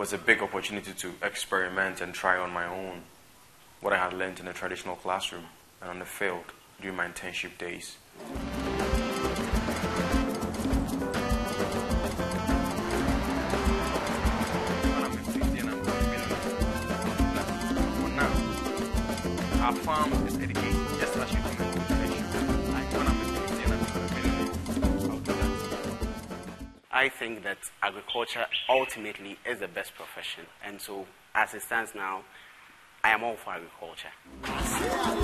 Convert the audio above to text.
was a big opportunity to experiment and try on my own what I had learned in a traditional classroom and on the field during my internship days. farm is educated just as you I think that agriculture ultimately is the best profession. And so, as it stands now, I am all for agriculture.